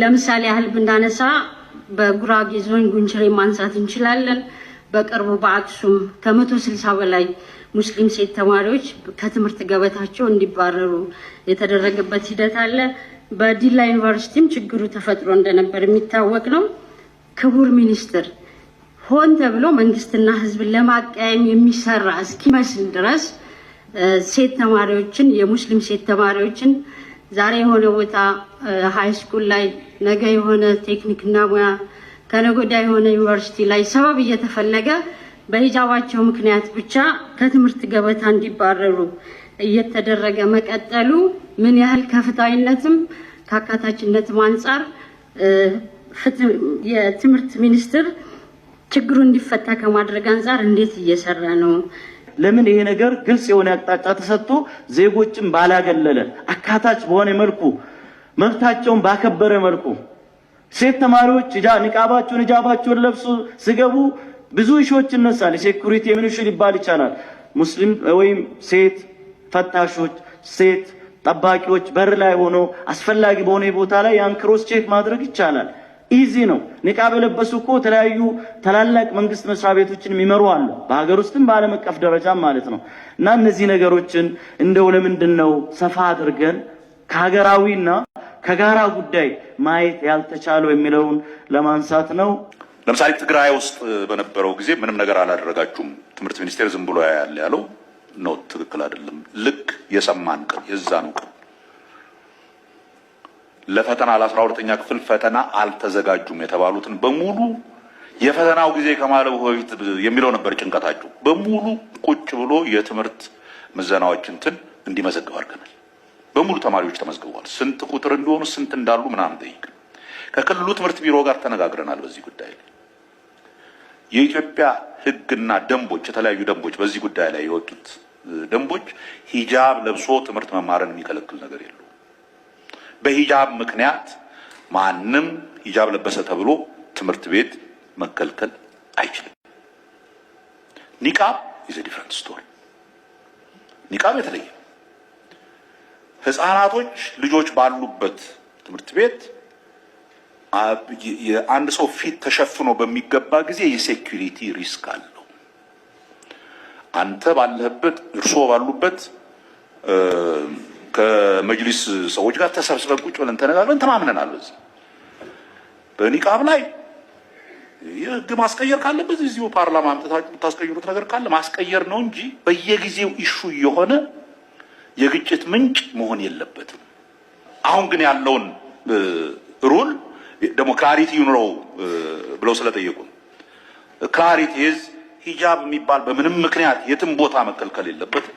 ለምሳሌ ያህል ብናነሳ በጉራጌ ዞን ጉንችሬ ማንሳት እንችላለን። በቅርቡ በአክሱም ከመቶ ስልሳ በላይ ሙስሊም ሴት ተማሪዎች ከትምህርት ገበታቸው እንዲባረሩ የተደረገበት ሂደት አለ። በዲላ ዩኒቨርሲቲም ችግሩ ተፈጥሮ እንደነበር የሚታወቅ ነው። ክቡር ሚኒስትር፣ ሆን ተብሎ መንግስትና ህዝብን ለማቀያየም የሚሰራ እስኪመስል ድረስ ሴት ተማሪዎችን የሙስሊም ሴት ተማሪዎችን ዛሬ የሆነ ቦታ ሀይ ስኩል ላይ ነገ የሆነ ቴክኒክና ሙያ ከነጎዳ የሆነ ዩኒቨርሲቲ ላይ ሰበብ እየተፈለገ በሂጃባቸው ምክንያት ብቻ ከትምህርት ገበታ እንዲባረሩ እየተደረገ መቀጠሉ ምን ያህል ከፍትሃዊነትም ከአካታችነትም አንጻር የትምህርት ሚኒስቴር ችግሩ እንዲፈታ ከማድረግ አንጻር እንዴት እየሰራ ነው? ለምን ይሄ ነገር ግልጽ የሆነ አቅጣጫ ተሰጥቶ ዜጎችን ባላገለለ አካታች በሆነ መልኩ መብታቸውን ባከበረ መልኩ ሴት ተማሪዎች ንቃባቸውን ሂጃባቸውን ለብሱ ሲገቡ ብዙ እሾች ይነሳል። ሴኩሪቲ የምንሹ ሊባል ይቻላል። ሙስሊም ወይም ሴት ፈታሾች፣ ሴት ጠባቂዎች በር ላይ ሆኖ አስፈላጊ በሆነ ቦታ ላይ ያን ክሮስ ቼክ ማድረግ ይቻላል። ኢዚ ነው። ኒቃብ የለበሱ እኮ የተለያዩ ታላላቅ መንግስት መስሪያ ቤቶችን የሚመሩ አሉ፣ በሀገር ውስጥም በዓለም አቀፍ ደረጃም ማለት ነው። እና እነዚህ ነገሮችን እንደው ለምንድን ነው ሰፋ አድርገን ከሀገራዊና ከጋራ ጉዳይ ማየት ያልተቻለው የሚለውን ለማንሳት ነው። ለምሳሌ ትግራይ ውስጥ በነበረው ጊዜ ምንም ነገር አላደረጋችሁም፣ ትምህርት ሚኒስቴር ዝም ብሎ ያለ ያለው ነው። ትክክል አይደለም። ልክ የሰማን ቀን የዛን ቀን ለፈተና ለአስራ ሁለተኛ ክፍል ፈተና አልተዘጋጁም የተባሉትን በሙሉ የፈተናው ጊዜ ከማለፉ በፊት የሚለው ነበር ጭንቀታቸው በሙሉ ቁጭ ብሎ የትምህርት ምዘናዎች እንትን እንዲመዘግብ አድርገናል። በሙሉ ተማሪዎች ተመዝግበዋል። ስንት ቁጥር እንዲሆኑ ስንት እንዳሉ ምናምን ጠይቅ ከክልሉ ትምህርት ቢሮ ጋር ተነጋግረናል። በዚህ ጉዳይ ላይ የኢትዮጵያ ሕግና ደንቦች የተለያዩ ደንቦች በዚህ ጉዳይ ላይ የወጡት ደንቦች ሂጃብ ለብሶ ትምህርት መማርን የሚከለክል ነገር የለው በሂጃብ ምክንያት ማንም ሂጃብ ለበሰ ተብሎ ትምህርት ቤት መከልከል አይችልም። ኒቃብ ኢዝ ዲፍረንት ስቶሪ። ኒቃብ የተለየ ህፃናቶች ልጆች ባሉበት ትምህርት ቤት አንድ ሰው ፊት ተሸፍኖ በሚገባ ጊዜ የሴኩሪቲ ሪስክ አለው። አንተ ባለህበት እርስዎ ባሉበት ከመጅሊስ ሰዎች ጋር ተሰብስበን ቁጭ ብለን ተነጋግረን ተማምነናል። በዚህ በኒቃብ ላይ የህግ ማስቀየር ካለበት እዚሁ ፓርላማ አምጥታችሁ የምታስቀይሩት ነገር ካለ ማስቀየር ነው እንጂ በየጊዜው ኢሹ የሆነ የግጭት ምንጭ መሆን የለበትም። አሁን ግን ያለውን ሩል ደግሞ ክላሪቲ ይኑረው ብለው ስለጠየቁ ክላሪቲ ሂጃብ የሚባል በምንም ምክንያት የትም ቦታ መከልከል የለበትም።